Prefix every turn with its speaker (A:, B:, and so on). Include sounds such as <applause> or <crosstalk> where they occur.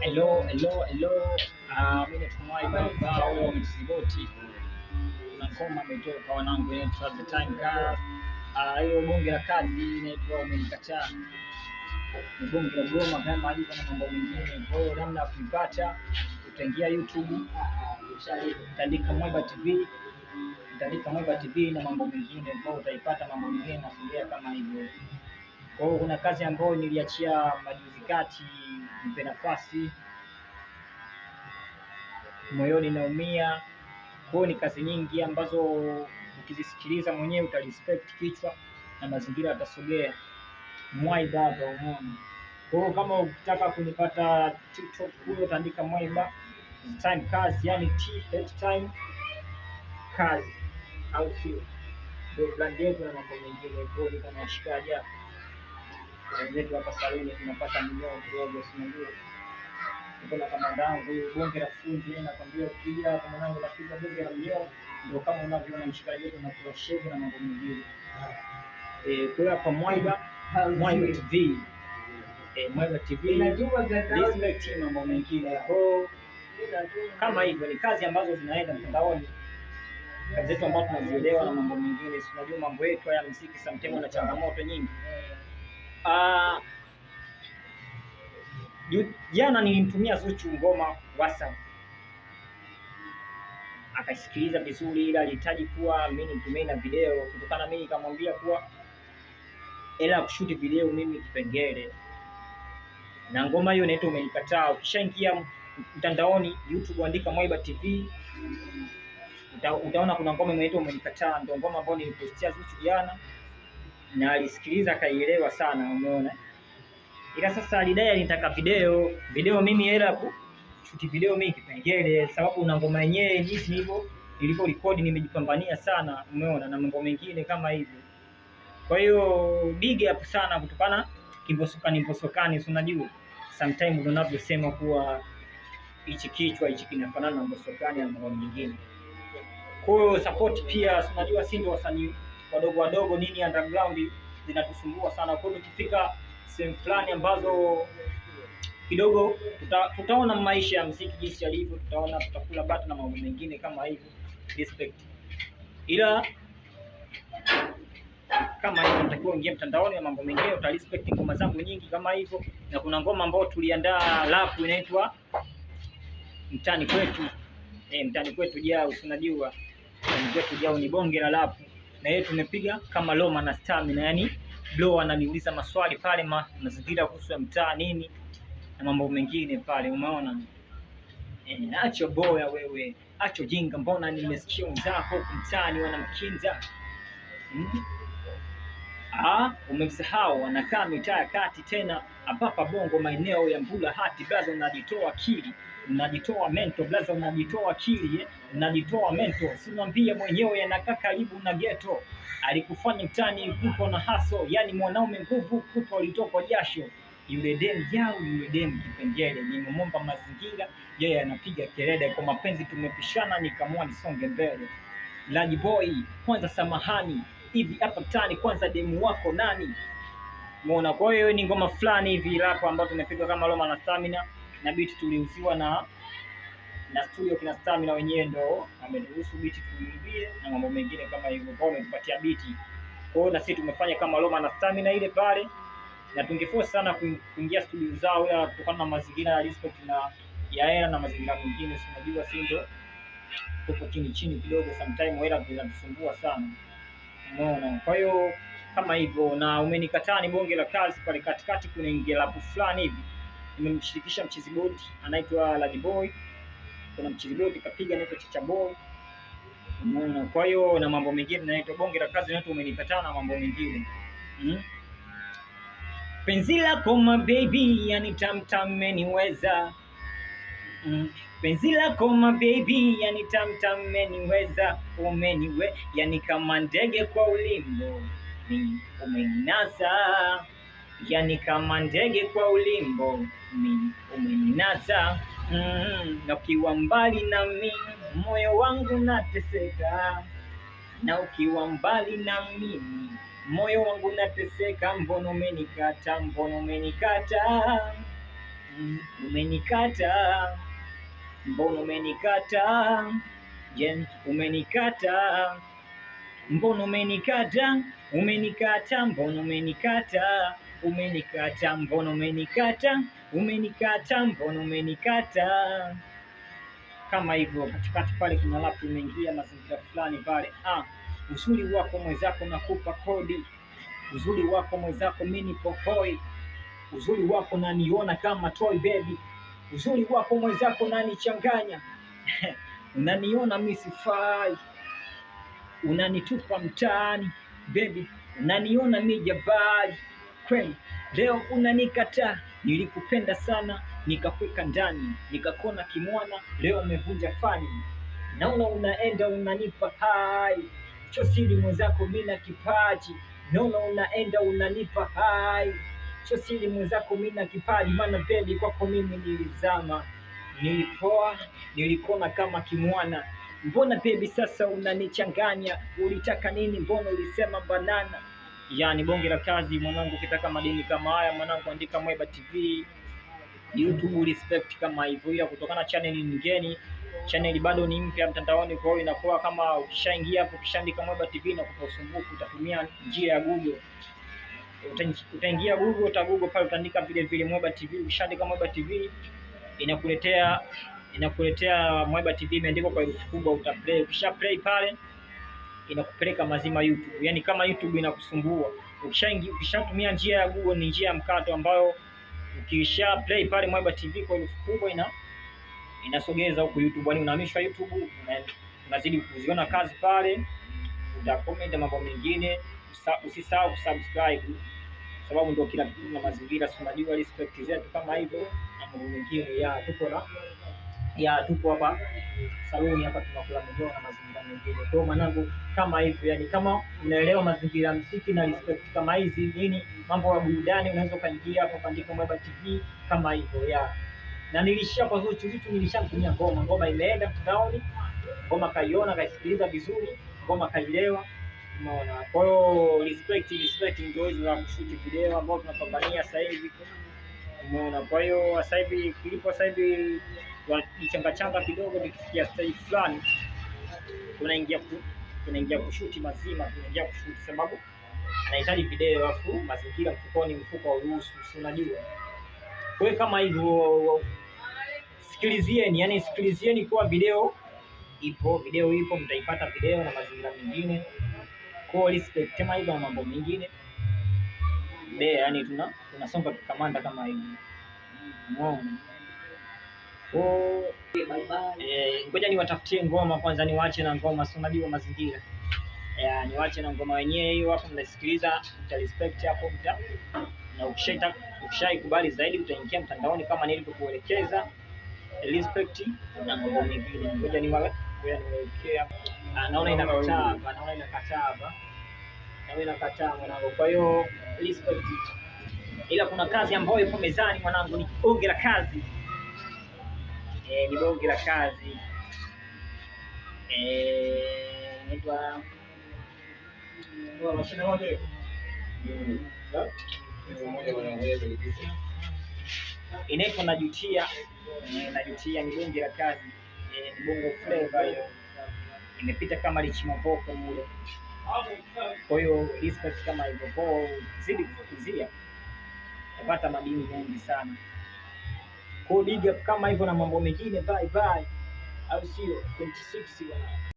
A: Hello, ah, wanangu ah, hiyo bonge la kazi inaitwa umenikataa. Bonge la goma kama hivyo na mambo mengine. Kwa hiyo namna ya kuipata utaingia YouTube, utaandika Mweba TV, utaandika Mweba TV na mambo mengine. Kwa hiyo utaipata mambo mengine na kama hivyo. Kwa hiyo kuna kazi ambayo niliachia majuzi kati nipe nafasi, moyoni naumia. Kwa ni kazi nyingi ambazo ukizisikiliza mwenyewe utarespect kichwa na mazingira yatasogea. Mwaiba umeona. Kwa hiyo kama ukitaka kunipata TikTok huyo utaandika Mwaiba time kazi, yani T H time kazi, au sio? Ndio brand yetu na mambo mengine, kwa kama nashikaje hapo wenzetu hapa Saluli tunapata mnyoo kidogo, si ndio? Kuna kama dangu bonge la fundi, nakwambia ukija hapa mwanangu, napiga bonge la mnyoo, ndio kama unavyoona mshikaji wetu na proshevu na mambo mengine eh, kwa hapa Mwaiba Mwaiba TV eh, Mwaiba TV display team na mambo mengine kwa kama hivyo, ni kazi ambazo zinaenda mtandaoni kazi zetu ambazo tunazielewa na mambo mengine, si unajua mambo yetu haya muziki sometimes na changamoto nyingi Ah, jana nilimtumia Zuchu ngoma WhatsApp akaisikiliza vizuri, ila alihitaji kuwa mimi nitumie na video, kutokana mimi nikamwambia kuwa ela kushuti video mimi kipengele na ngoma hiyo inaitwa umenikataa. Ukishaingia mtandaoni YouTube, andika Mwaiba TV uta, utaona kuna ngoma inaitwa umenikataa, ndio ngoma ambayo nilipostia Zuchu jana na alisikiliza akaielewa sana, umeona. Ila sasa alidai alitaka video video, mimi hela kushuti video mimi kipengele, sababu na ngoma yenyewe jinsi hivyo nilivyo record nimejipambania sana, umeona, na mambo mengine kama hivyo. Kwa hiyo big up sana kutokana kimbosokani mbosokani, si unajua sometimes tunavyosema kuwa hichi kichwa hichi kinafanana na mbosokani na mambo mengine. Kwa hiyo support pia, si unajua, si ndio wasanii wadogo wadogo nini underground zinatusumbua sana. Kwa hiyo tukifika sehemu fulani ambazo kidogo tuta, tutaona maisha ya mziki jinsi yalivyo, tutaona tutakula bata na mambo mengine kama hivyo respect, ila kama hivyo natakiwa ingia mtandaoni na mambo mengine, uta respect ngoma zangu nyingi kama hivyo, na kuna ngoma ambayo tuliandaa rap inaitwa mtani kwetu. eh, mtani kwetu jao, tunajua mtani kwetu jao ni bonge la rap na yeye tumepiga kama Roma na Stamina, yani blo ananiuliza maswali pale ma, mazingira kuhusu ya mtaa nini na mambo mengine pale, umeona e, acho boya wewe, acho jinga, mbona nimesikia wenzako kumtani wanamkinza hmm? Ah, umemsahau anakaa mitaa ya kati tena, apapa bongo maeneo ya mbula hati bado najitoa akili najitoa mento blaza, najitoa akili, eh? najitoa mento, simwambie mwenyewe yanakaa karibu na geto. Alikufanya mtani kuko na haso, yani mwanaume nguvu kuto alitoka jasho yule demu yao yule demu kipengele, nimemwomba mazingira, yeye anapiga kelele kwa mapenzi, tumepishana, nikamua nisonge mbele. Laji boy, kwanza samahani, hivi hapa tani, kwanza demu wako nani? Muona. Kwa hiyo ni ngoma fulani hivi hapa ambayo tumepiga kama Roma na Stamina na beat tuliuziwa na na studio kina Stamina wenyewe ndo ameruhusu beat tuimbie na mambo mengine kama hivyo, kwa umetupatia beat. Kwa hiyo na sisi tumefanya kama Roma na Stamina ile pale, na tungeforce sana kuingia studio zao, ila kutokana na mazingira ya respect kuna ya hela na mazingira mengine, si unajua, si ndo tupo chini chini kidogo, sometime hela zinatusumbua sana, umeona. Kwa hiyo kama hivyo, na umenikataa ni bonge la kazi pale katikati, kuna ingelapu fulani hivi nimemshirikisha mchizi boti anaitwa Boy. kuna mchizi boti kapiga anaitwa Chicha Boy. Umeona? kwa hiyo na mambo mengine naitwa bonge la kazi naitwa umenipatana na mambo mengine mm. Penzi lako my baby yani tam meniweza mm. Penzi lako my baby yani tam meniweza umeniwe yani kama ndege kwa ulimbo mm. Umeninasa yani kama ndege kwa ulimbo umeninasa mm-hmm. na ukiwa mbali na mi moyo wangu nateseka, na ukiwa mbali na mimi moyo wangu nateseka. Mbona umenikata, mbona umenikata, mm, umenikata, mbona umenikata, je, umenikata, mbona umenikata, umenikata, mbona umenikata Umenikata mbona umenikata, umenikata mbona umenikata, kama hivyo. Katikati pale kuna lapu umeingia mazingira fulani pale. Ah, uzuri wako mwenzako nakupa kodi, uzuri wako mwenzako mimi nipo hoi, uzuri wako naniona kama toy baby, uzuri wako mwenzako nanichanganya <laughs> unaniona mimi sifai, unanitupa mtaani baby, unaniona mimi jabali kweli, leo unanikataa. Nilikupenda sana nikakweka ndani, nikakona kimwana, leo umevunja fani. Naona unaenda unanipa hai, chosili mwenzako, mina kipaji. Naona unaenda unanipa hai, chosili mwenzako, mina kipaji. Maana beli kwako mimi nilizama, nilipoa, nilikona kama kimwana. Mbona bebi sasa unanichanganya? Ulitaka nini? Mbona ulisema banana yani bonge la kazi mwanangu, ukitaka madini kama haya mwanangu, andika Mweba TV YouTube respect kama hivyo, ila kutokana channel ni ngeni, channel bado ni mpya mtandaoni, kwa hiyo inakuwa kama ukishaingia hapo ukishaandika Mweba TV na kupa usumbufu, utatumia njia ya Google utaingia Google, uta Google pale utaandika vile vile Mweba TV. Ukishaandika Mweba TV inakuletea inakuletea Mweba TV imeandikwa kwa herufi kubwa, uta play. Ukisha play pale inakupeleka mazima YouTube. Yaani kama YouTube inakusumbua, ukishaingia ukishatumia njia ya Google ni njia ya mkato ambayo ukisha play pale Mwaiba TV kwa herufi kubwa ina inasogeza huku YouTube, yaani unahamishwa YouTube, unazidi kuziona kazi pale, uta comment mambo mengine. Usisahau kusubscribe sababu ndio kila kitu na mazingira, si unajua respect zetu kama hivyo na mambo mengine ya tuko na ya tuko hapa saluni hapa tunakula mjoo na mazingira mengine. Kwa hiyo mwanangu, kama hivyo yani, kama unaelewa mazingira msiki na respect kama hizi nini, mambo ya burudani, unaweza ukaingia hapo pandiko Mweba TV kama hivyo ya na nilishia kwa Zuchu, Zuchu nilishamtumia ngoma, ngoma imeenda mtandaoni, ngoma kaiona, kaisikiliza vizuri, ngoma kaielewa. Umeona, kwa hiyo respect respect ndio hizo za kushuti video ambao tunapambania sasa hivi. Umeona, kwa hiyo sasa hivi kilipo sasa hivi wa changa changa kidogo, nikifikia stage fulani tunaingia tunaingia kushuti mazima, tunaingia kushuti sababu anahitaji video, alafu mazingira mfukoni, mfuko wa ruhusu, si unajua kwa kama hivyo. Sikilizieni, yani sikilizieni kwa video ipo, video ipo, mtaipata video na mazingira mengine kwa respect kama hivyo na mambo mengine be, yani tuna tunasonga kikamanda kama hivi. Wow. Eh, ngoja niwatafutie ngoma kwanza, niwache na ngoma, si unajua mazingira ya eh, niwache na ngoma wenyewe. Hiyo hapo mnasikiliza, mta respect hapo mta, na ukishaita ukishaikubali zaidi utaingia mtandaoni kama nilivyokuelekeza. Respect na ngoma nyingine, ngoja niweke, ah, naona inakataa, naona inakataa hapa, naona inakataa mwanangu. Kwa hiyo respect, ila kuna kazi ambayo ipo mezani mwanangu, ni bonge la kazi eh, ni bonge la kazi inaitwa eh, inaitwa Najutia. Eh, Najutia ni bonge la kazi, eh, ni bongo flavor hiyo, imepita kama lichimavoko mule. Kwa hiyo kama hivyo, zidi kukuzia utapata madini mengi sana. Kwa big up kama hivyo na mambo mengine bye bye, au sio? 26 bwana.